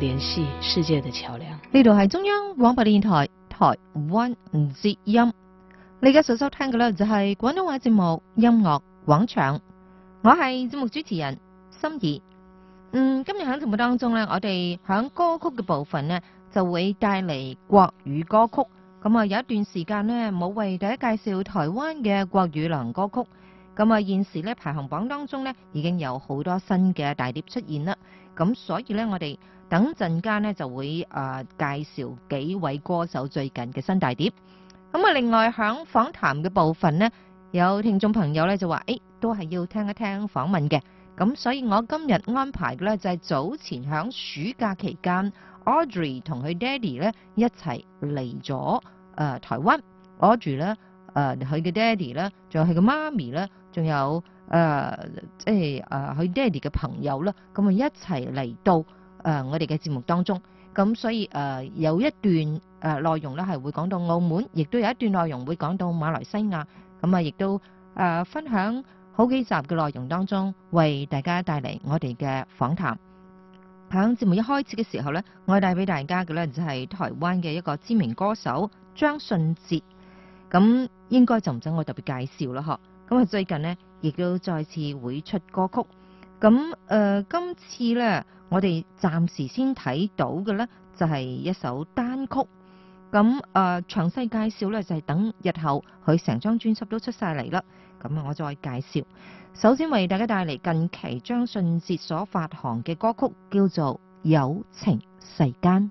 聯繫世界的橋樑。呢度係中央廣播電台台灣之音。你而家所收，收聽嘅咧就係廣東話節目音樂廣場。我係節目主持人心儀。嗯，今日響節目當中咧，我哋響歌曲嘅部分呢，就會帶嚟國語歌曲。咁啊，有一段時間呢，冇為大家介紹台灣嘅國語流行歌曲。咁啊，現時咧排行榜當中呢，已經有好多新嘅大碟出現啦。咁所以咧，我哋等陣間咧就會啊介紹幾位歌手最近嘅新大碟。咁啊，另外響訪談嘅部分咧，有聽眾朋友咧就話，誒都係要聽一聽訪問嘅。咁所以，我今日安排嘅咧就係早前響暑假期間，Audrey 同佢爹哋咧一齊嚟咗誒台灣，Audrey 咧誒佢嘅爹哋咧，仲有佢嘅媽咪咧，仲有誒即係誒佢爹哋嘅朋友啦。咁啊一齊嚟到。誒、呃，我哋嘅節目當中，咁所以誒、呃、有一段誒、呃、內容咧係會講到澳門，亦都有一段內容會講到馬來西亞，咁啊亦都誒、呃、分享好幾集嘅內容當中，為大家帶嚟我哋嘅訪談。響節目一開始嘅時候咧，我帶俾大家嘅咧就係台灣嘅一個知名歌手張信哲，咁應該就唔使我特別介紹啦呵。咁啊最近呢，亦都再次會出歌曲。咁誒、呃，今次咧，我哋暫時先睇到嘅咧，就係一首單曲。咁誒、呃，詳細介紹咧，就係、是、等日後佢成張專輯都出晒嚟啦。咁啊，我再介紹。首先為大家帶嚟近期張信哲所發行嘅歌曲，叫做《有情世間》。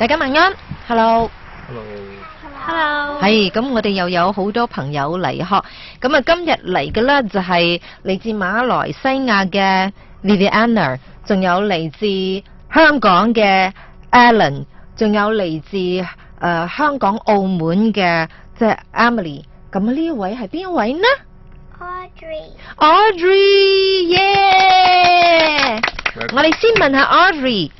大家晚安，hello，hello，hello，hello，係咁，我哋又有好多朋友嚟呵，咁啊今日嚟嘅咧就係嚟自馬來西亞嘅 Vivian，仲有嚟自香港嘅 Alan，仲有嚟自誒香港澳門嘅即係 Emily，咁呢一位係邊一位呢？Audry，Audry，yeah，我哋先問下 Audry，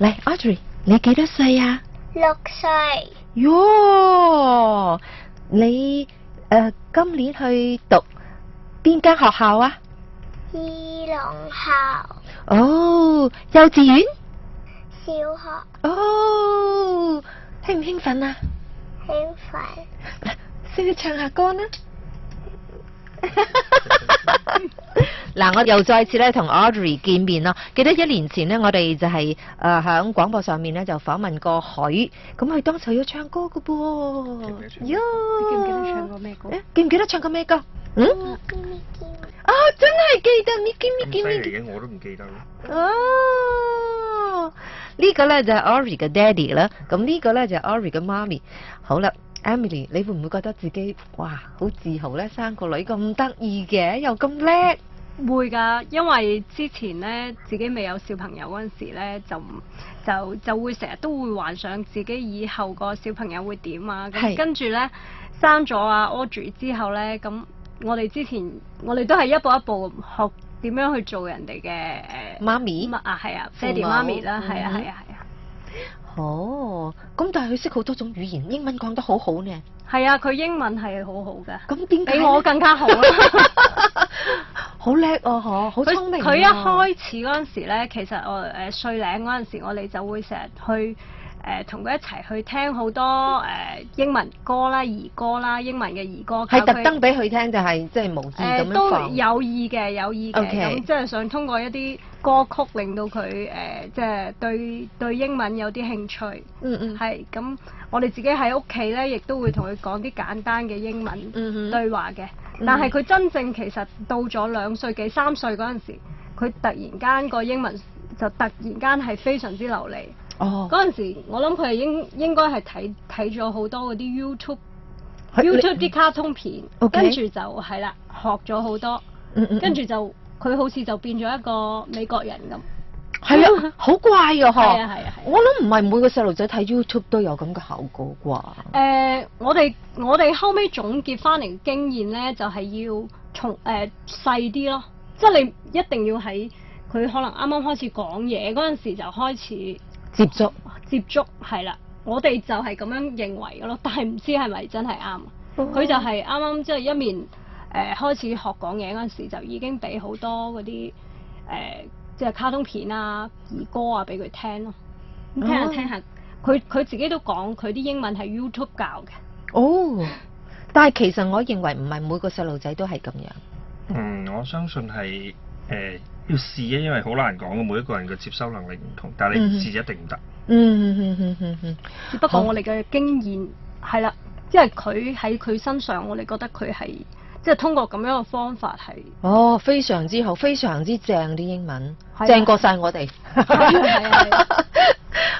嚟 Audry。你幾多歲啊？六歲。喲，你誒，今年去讀邊間學校啊？二龍校。哦，幼稚園？小學。哦，興唔興奮啊？興奮。嚟，先至唱下歌啦。嗱，我又再次咧同 Audrey 見面咯。記得一年前咧，我哋就係誒響廣播上面咧就訪問過佢。咁佢當時要唱歌噶噃，喲！記唔記得唱過咩歌？誒 Yeah，你記唔記得唱過咩歌，哎、歌？嗯？啊，真係記得！咪記咪記咪。咁細嘅嘢我都唔記得。記記得哦，記記哦這個、呢、就是爸爸這個咧就係、是、Audrey 嘅 Daddy 啦。咁呢個咧就係 Audrey 嘅媽咪。好啦，Emily，你會唔會覺得自己哇好自豪咧？生個女咁得意嘅，又咁叻。 會噶，因為之前咧自己未有小朋友嗰陣時咧，就就就會成日都會幻想自己以後個小朋友會點啊，咁是跟住咧生咗阿 Audry 之後咧，咁我哋之前我哋都係一步一步學點樣去做人哋嘅媽咪啊，係啊，母爹哋媽咪啦，係母啊，係啊，係啊。哦，咁但係佢識好多種語言，英文講得好好呢，係啊，佢英文係好好噶，咁點比我更加好啦。 好叻哦，嗬！好聰明啊！佢佢一開始嗰陣時咧，其實我誒碎嶺嗰陣時，我哋就會成日去。同佢、呃、一齊去聽好多、呃、英文歌啦、兒歌啦、英文嘅兒歌，係特登俾佢聽，是就係即係無意咁樣放？都有意嘅，有意嘅，即係 Okay.、嗯就是、想通過一啲歌曲令到佢誒，即、呃、係、就是、對，對英文有啲興趣。嗯、mm hmm. 嗯。係，咁我哋自己喺屋企咧，亦都會同佢講啲簡單嘅英文對話嘅。Mm hmm. mm hmm. 但係佢真正其實到咗兩歲幾三歲嗰陣時，佢突然間個英文就突然間係非常之流利。哦，嗰陣、oh. 時我諗佢應應該係睇睇咗好多嗰啲 you YouTube YouTube 啲卡通片，Okay. 跟住就係啦，學咗好多，嗯嗯嗯，跟住就佢好似就變咗一個美國人咁。係啊，好乖嘅，嗬、嗯。啊啊，啊啊我諗唔係每個細路仔睇 YouTube 都有咁嘅效果啩、呃。我哋我哋後尾總結翻嚟經驗呢，就係、是、要從、呃、細啲咯，即、就、係、是、你一定要喺佢可能啱啱開始講嘢嗰陣時就開始。接觸接觸係啦，我哋就係咁樣認為嘅咯，但係唔知係咪真係啱。佢、哦、就係啱啱即係一面誒、呃、開始學講嘢嗰陣時，就已經俾好多嗰啲誒即係卡通片啊、兒歌啊俾佢聽咯。咁聽下聽下，佢佢、哦、自己都講佢啲英文係 YouTube 教嘅。哦，但係其實我認為唔係每個細路仔都係咁樣。嗯，嗯，我相信係誒。呃要試啊，因為好難講嘅，每一個人嘅接收能力唔同。但係你唔試一定唔得。嗯嗯，只不過我哋嘅經驗係啦，即係佢喺佢身上，我哋覺得佢係即係通過咁樣嘅方法係。哦，非常之好，非常之正啲英文，正過晒我哋。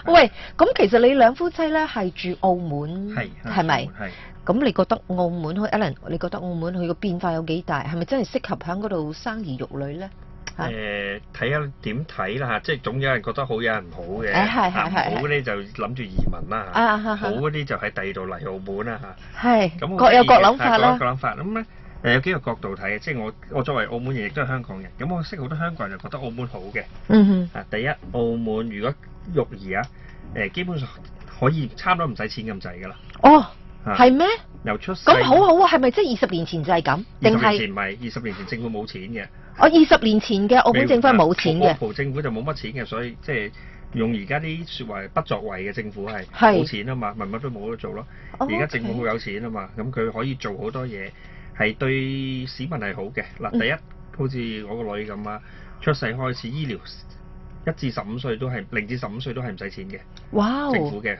喂，咁其實你兩夫妻呢係住澳門，係咪？係。咁你覺得澳門去 Allen？你覺得澳門佢個變化有幾大？係咪真係適合喺嗰度生兒育女呢？誒睇下點睇啦嚇，即係總有人覺得好，有人唔好嘅。啊、唔好嗰啲就諗住移民啦嚇，好嗰啲就喺第二度嚟澳門啦嚇。係、啊、咁係各有各諗法啦、啊。各有各諗法咁咧誒，有幾個角度睇嘅。即係我我作為澳門人，亦都係香港人。咁我識好多香港人就覺得澳門好嘅。嗯哼啊，第一，澳門如果育兒啊誒、呃，基本上可以差唔多唔使錢咁滯㗎啦。哦。係咩？咁好好啊，係咪即係二十年前就係咁？定係十年前唔係，二十年前政府冇錢嘅。哦，二十年前嘅澳門政府係冇錢嘅。澳、嗯、葡、啊、政府就冇乜錢嘅，所以即係用而家啲説話不作為嘅政府係冇錢啊嘛，乜乜都冇得做咯。而家政府好有錢啊嘛，咁佢可以做好多嘢，係對市民係好嘅。嗱，第一，好似我個女咁啊，出世開始醫療一至十五歲都係零至十五歲都係唔使錢嘅。哇！政府嘅。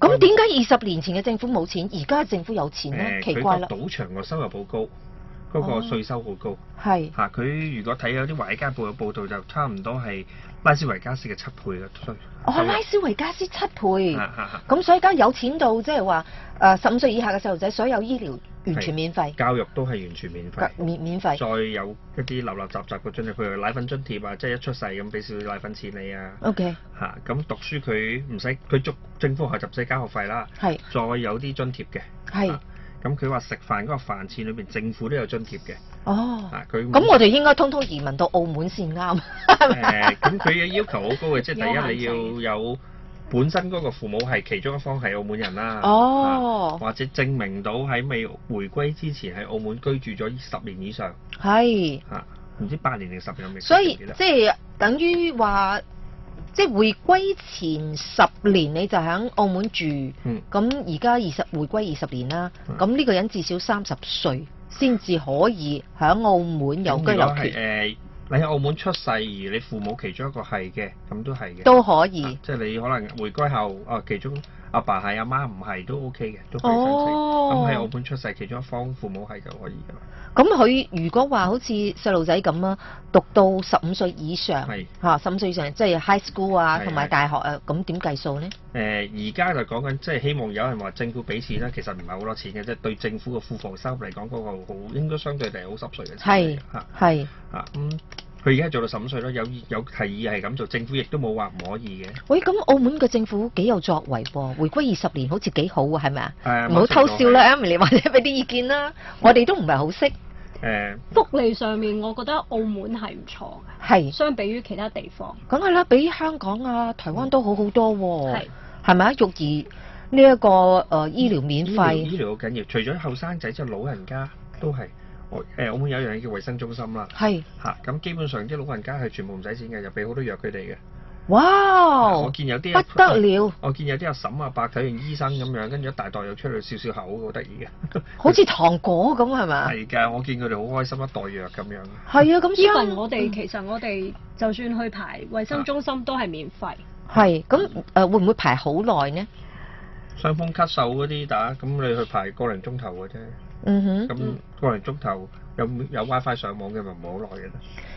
咁點解二十年前嘅政府冇錢，而家政府有錢咧？呃、奇怪啦！賭場嘅收入好高。嗰個稅收好高，係嚇佢如果睇有啲華爾街報嘅報道，就差唔多係拉斯維加斯嘅七倍嘅哦，拉斯維加斯七倍，咁所以而家有錢到即係話，誒十五歲以下嘅細路仔，所有醫療完全免費，教育都係完全免費，免免費，再有一啲流流雜雜嘅津貼，譬如奶粉津貼啊，即係一出世咁俾少少奶粉錢你啊。OK，嚇咁讀書佢唔使佢讀政府學校使交學費啦，係再有啲津貼嘅，係。咁佢話食飯嗰個飯錢裏面，政府都有津貼嘅。哦，啊，佢咁我哋應該通通移民到澳門先啱。誒，咁佢嘅要求好高嘅， 即係第一你要有本身嗰個父母係其中一方係澳門人啦。哦、啊，或者證明到喺未回歸之前喺澳門居住咗十年以上。係是。嚇，唔知八年定十年未？所以即係等於話。即係回歸前十年你就喺澳門住，咁而家二十回歸二十年啦，咁呢個人至少三十歲先至可以喺澳門有居留權。呃、你喺澳門出世而你父母其中一個係嘅，咁都係嘅，都可以。啊、即係你可能回歸後，啊、其中。阿爸係阿媽唔係都 OK 嘅，都俾佢。咁喺澳門出世，其中一方父母係就可以噶啦。咁佢如果話好似細路仔咁啊，讀到十五歲以上，嚇十五歲以上即係 high school 啊，同埋大學啊，咁點計數咧？誒、呃，而家就講緊即係希望有人話政府俾錢咧，其實唔係好多錢嘅即啫，對政府嘅庫房收入嚟講，嗰、那個好應該相對嚟好濕碎嘅。係嚇係嚇咁。啊嗯佢而家做到十五,五歲咯，有有提議係咁做，政府亦都冇話唔可以嘅。喂，咁澳門嘅政府幾有作為喎？回歸二十年好似幾好啊，係咪啊？唔好、呃、偷笑啦，Emily 或者俾啲意見啦，是我哋都唔係好識。誒、呃。福利上面，我覺得澳門係唔錯嘅，係是相比於其他地方。梗係啦，比香港啊、台灣都好好多喎。係咪啊？育、嗯、是兒呢一、這個誒、呃、醫療免費，醫療好緊要，除咗後生仔，就是、老人家都係。欸、我們有一樣嘢叫衞生中心啦，咁是基本上啲老人家係全部唔使錢嘅，又俾好多藥佢哋嘅。哇 Wow,！我見有啲不得了，呃、我見有啲阿嬸阿伯睇完醫生咁樣，跟住一大袋又出去笑笑口， 好得意嘅。好似糖果咁係嘛？係㗎，我見佢哋好開心，一袋藥咁樣。係啊，咁因為我哋其實我哋就算去排衞生中心、啊、都係免費。係，咁誒會唔會排好耐呢？傷風咳嗽嗰啲打，咁你去排個零鐘頭嘅啫。嗯哼，咁個零鐘頭有有 WiFi 上網嘅，咪唔好耐嘅。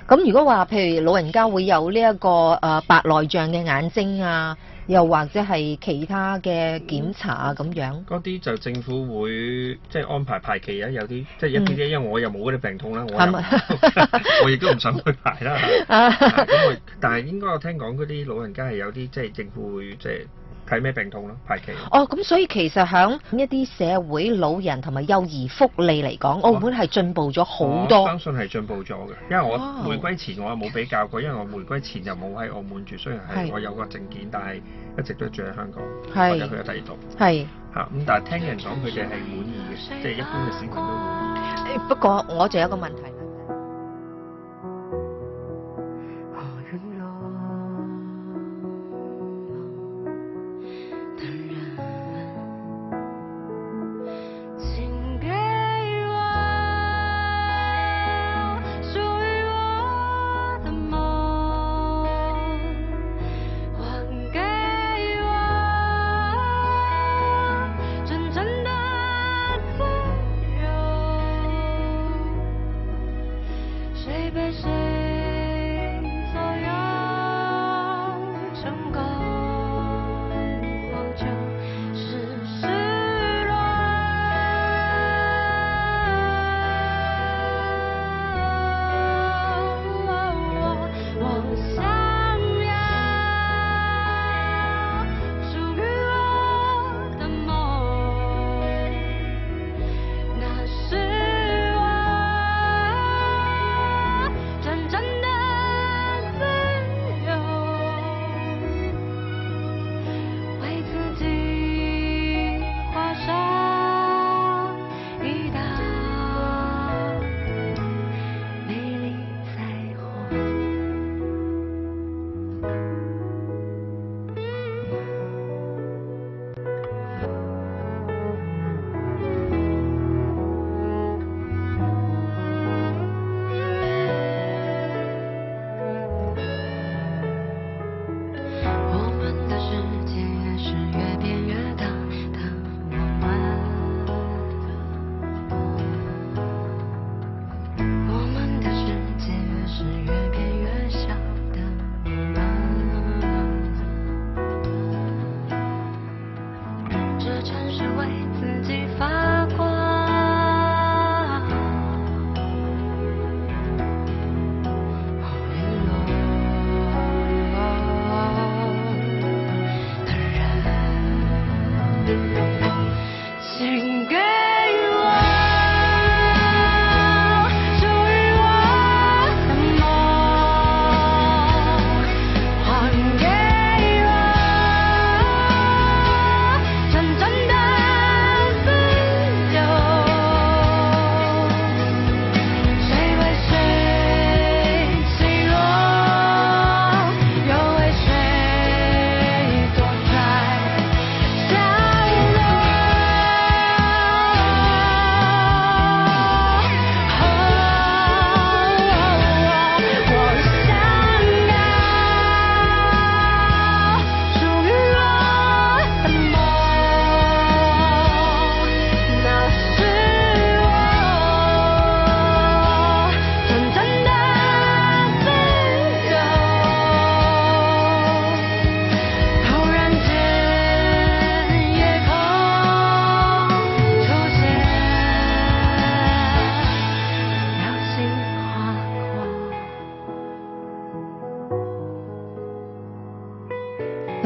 咁如果話，譬如老人家會有呢一個誒白內障嘅眼睛啊，又或者係其他嘅檢查啊，咁樣、嗯？嗰啲就政府會即係、即係、安排排期啊，有啲即係一啲啲，即係嗯、因為我又冇嗰啲病痛啦，我我亦都唔想去排啦。咁啊， 啊，我但係應該我聽講嗰啲老人家係有啲即係政府會即係。即係睇咩病痛咯，排期。哦，咁所以其實喺一啲社會老人同埋幼兒福利嚟講，哦、澳門係進步咗好多。我相信係進步咗嘅，因為我回歸前我冇比較過，因為我回歸前又冇喺澳門住，雖然係我有個證件，但係一直都住喺香港，我就是去咗第二度。係是。嚇、嗯！咁但係聽人講佢哋係滿意嘅，即係的一般嘅市民都滿意。誒，不過我就有一個問題。哦。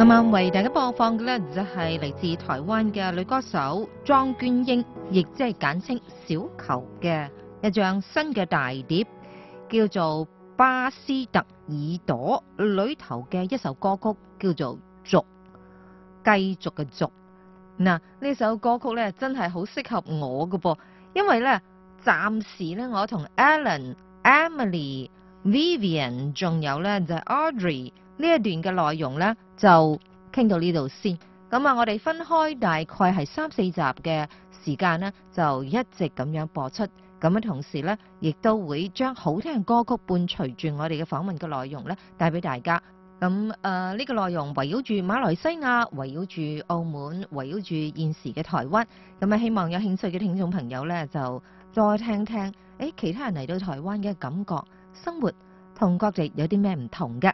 今晚為大家播放嘅咧，就係嚟自台灣嘅女歌手莊鵑瑛，亦即係簡稱小球嘅一張新嘅大碟，叫做《巴斯特爾朵》裏頭嘅一首歌曲叫做《續》，繼續嘅續。嗱，呢首歌曲咧真係好適合我㗎噃，因為咧暫時咧我同 Alan、Emily、Vivian，仲有咧就係 Audrey。呢一段嘅內容咧，就傾到呢度先。咁啊，我哋分開大概係三四集嘅時間咧，就一直咁樣播出。咁啊，同時咧，亦都會將好聽嘅歌曲伴隨住我哋嘅訪問嘅內容咧，帶俾大家。咁誒，呢個內容圍繞住馬來西亞，圍繞住澳門，圍繞住現時嘅台灣。咁啊，希望有興趣嘅聽眾朋友咧，就再聽聽誒其他人嚟到台灣嘅感覺，生活同各地有啲咩唔同嘅。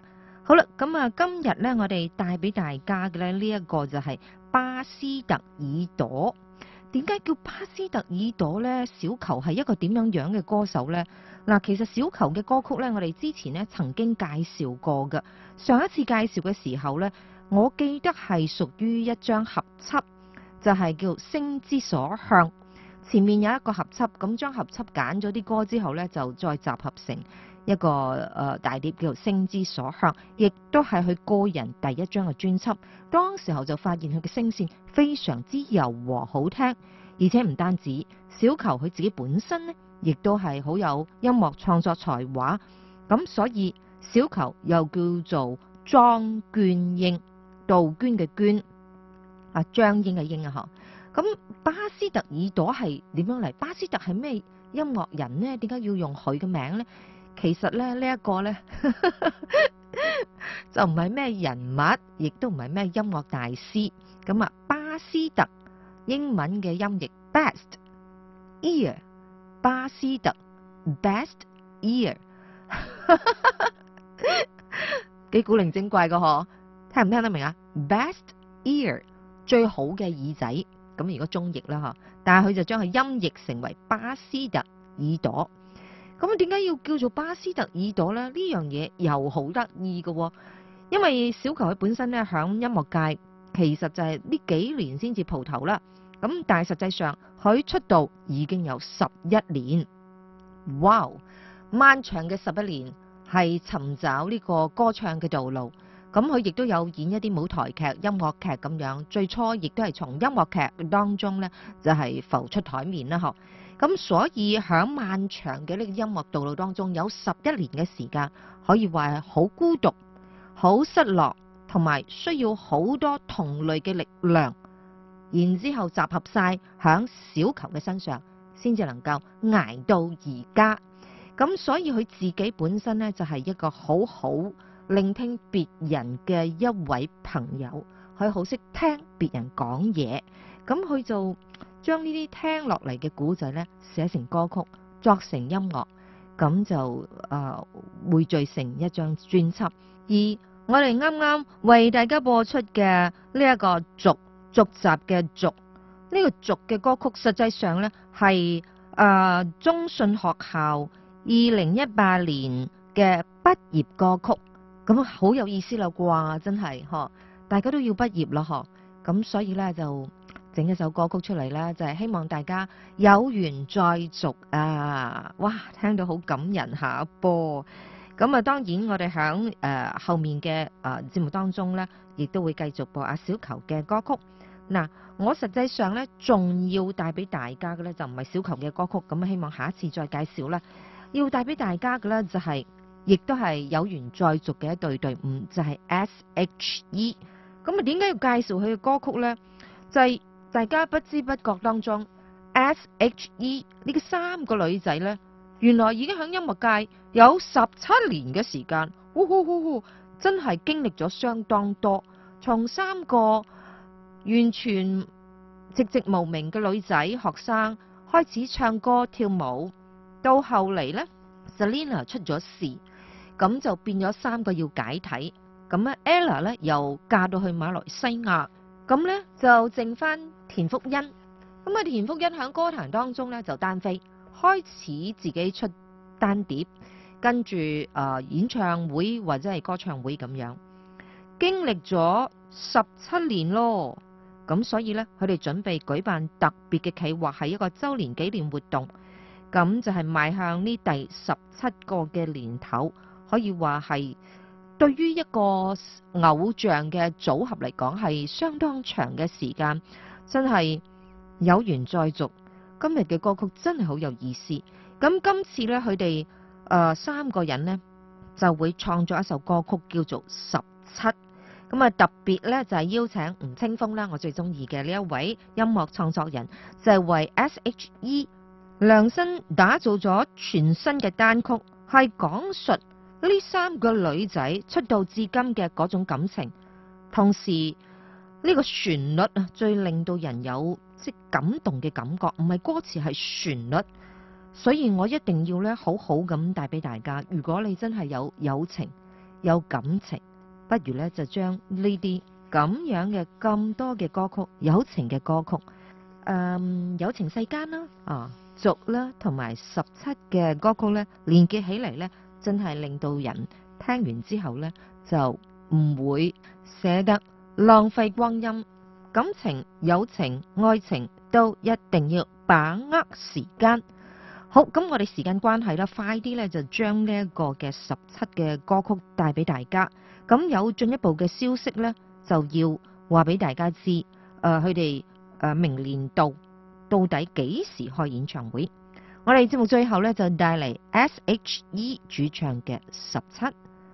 好啦，咁啊，今日咧，我哋帶俾大家嘅咧，呢一個就係巴斯特爾朵。點解叫巴斯特爾朵咧？小球係一個點樣樣嘅歌手呢？嗱，其實小球嘅歌曲咧，我哋之前咧曾經介紹過嘅。上一次介紹嘅時候咧，我記得係屬於一張合輯，就係叫《聲之所向》。前面有一個合輯，咁將合輯揀咗啲歌之後咧，就再集合成。一個誒，大碟叫做《聲之所向》，亦都係佢個人第一張嘅專輯。當時候就發現佢嘅聲線非常之柔和好聽，而且唔單止小球佢自己本身呢亦都係好有音樂創作才華。咁所以小球又叫做莊鵑瑛，杜鵑嘅鵑啊，張瑛嘅瑛啊，吓。咁巴斯特耳朵係點樣嚟？巴斯特係咩音樂人呢？點解要用佢嘅名呢？其實咧，這個、呢一個咧就唔係咩人物，亦都唔係咩音樂大師。咁啊，巴斯特英文嘅音譯 best ear，巴斯特 best ear，幾 古靈精怪噶嗬？聽唔聽得明啊？best ear 最好嘅耳仔，咁如果中譯啦嗬，但係佢就將佢音譯成為巴斯特耳朵。咁點解要叫做巴斯特耳朵呢？呢樣嘢又好得意嘅，因為小球佢本身咧響音樂界，其實就係呢幾年先至蒲頭啦。咁但係實際上佢出道已經有十一年，哇！漫長嘅十一年係尋找呢個歌唱嘅道路。咁佢亦都有演一啲舞台劇、音樂劇咁樣。最初亦都係從音樂劇當中咧就係浮出台面啦，嗬。咁所以喺漫長嘅呢個音樂道路當中，有十一年嘅時間，可以話係好孤獨、好失落，同埋需要好多同類嘅力量。然之後集合晒響小球嘅身上，先至能夠挨到而家。咁所以佢自己本身呢，就係一個好好聆聽別人嘅一位朋友，佢好識聽別人講嘢，咁佢就。將呢啲聽落嚟嘅古仔咧寫成歌曲，作成音樂，咁就誒匯、呃、聚成一張專輯。而我哋啱啱為大家播出嘅呢一個續《續續集》嘅《續》這，呢個《續》嘅歌曲實際上咧係誒中信學校二零一八年嘅畢業歌曲。咁好有意思啦啩，真係嗬，大家都要畢業啦嗬，咁所以咧就。整一首歌曲出嚟咧，就係、是、希望大家有緣再續啊！哇，聽到好感人下，下一波咁啊！當然我哋響誒後面嘅誒、呃、節目當中咧，亦都會繼續播阿小球嘅歌曲。嗱，我實際上咧仲要帶俾大家嘅咧，就唔係小球嘅歌曲。咁啊，希望下一次再介紹啦。要帶俾大家嘅咧就係、是，亦都係有緣再續嘅一隊隊伍，唔就係、是、S.H.E。咁啊，點、e、解要介紹佢嘅歌曲咧？就係、是。大家不知不覺當中，SHE 呢個三個女仔呢，原來已經響音樂界有十七年嘅時間，嗚、哦、嗚、哦哦、真係經歷咗相當多。從三個完全寂寂無名嘅女仔學生，開始唱歌跳舞，到後嚟呢 Selena 出咗事，咁就變咗三個要解體。咁、e、呢 Ella 呢又嫁到去馬來西亞，咁呢就剩翻。田馥甄，咁啊！田馥甄響歌壇當中咧就單飛，開始自己出單碟，跟住誒演唱會或者係歌唱會咁樣，經歷咗十七年咯。咁所以咧，佢哋準備舉辦特別嘅企劃，係一個週年紀念活動。咁就係、是、邁向呢第十七個嘅年頭，可以話係對於一個偶像嘅組合嚟講，係相當長嘅時間。真係有緣再續，今日嘅歌曲真係好有意思。咁今次咧，佢哋誒三個人咧就會創作一首歌曲，叫做《十七》。咁啊特別咧就係、是、邀請吳青峰咧，我最中意嘅呢一位音樂創作人，就係、是、為 S.H.E 量身打造咗全新嘅單曲，係講述呢三個女仔出道至今嘅嗰種感情，同時。呢個旋律啊，最令到人有即感動嘅感覺，唔係歌詞係旋律，所以我一定要咧好好咁帶俾大家。如果你真係有友情、有感情，不如咧就將呢啲咁樣嘅咁多嘅歌曲，友情嘅歌曲，誒、嗯，有情世間啦，啊、哦，續啦，同埋十七嘅歌曲咧，連結起嚟咧，真係令到人聽完之後咧，就唔會捨得。浪費光陰，感情、友情、愛情都一定要把握時間。好，咁我哋時間關係啦，快啲咧就將呢一個嘅十七嘅歌曲帶俾大家。咁有進一步嘅消息咧，就要話俾大家知。誒、呃，佢哋誒明年度到底幾時開演唱會？我哋節目最後咧就帶嚟 SHE 主唱嘅十七。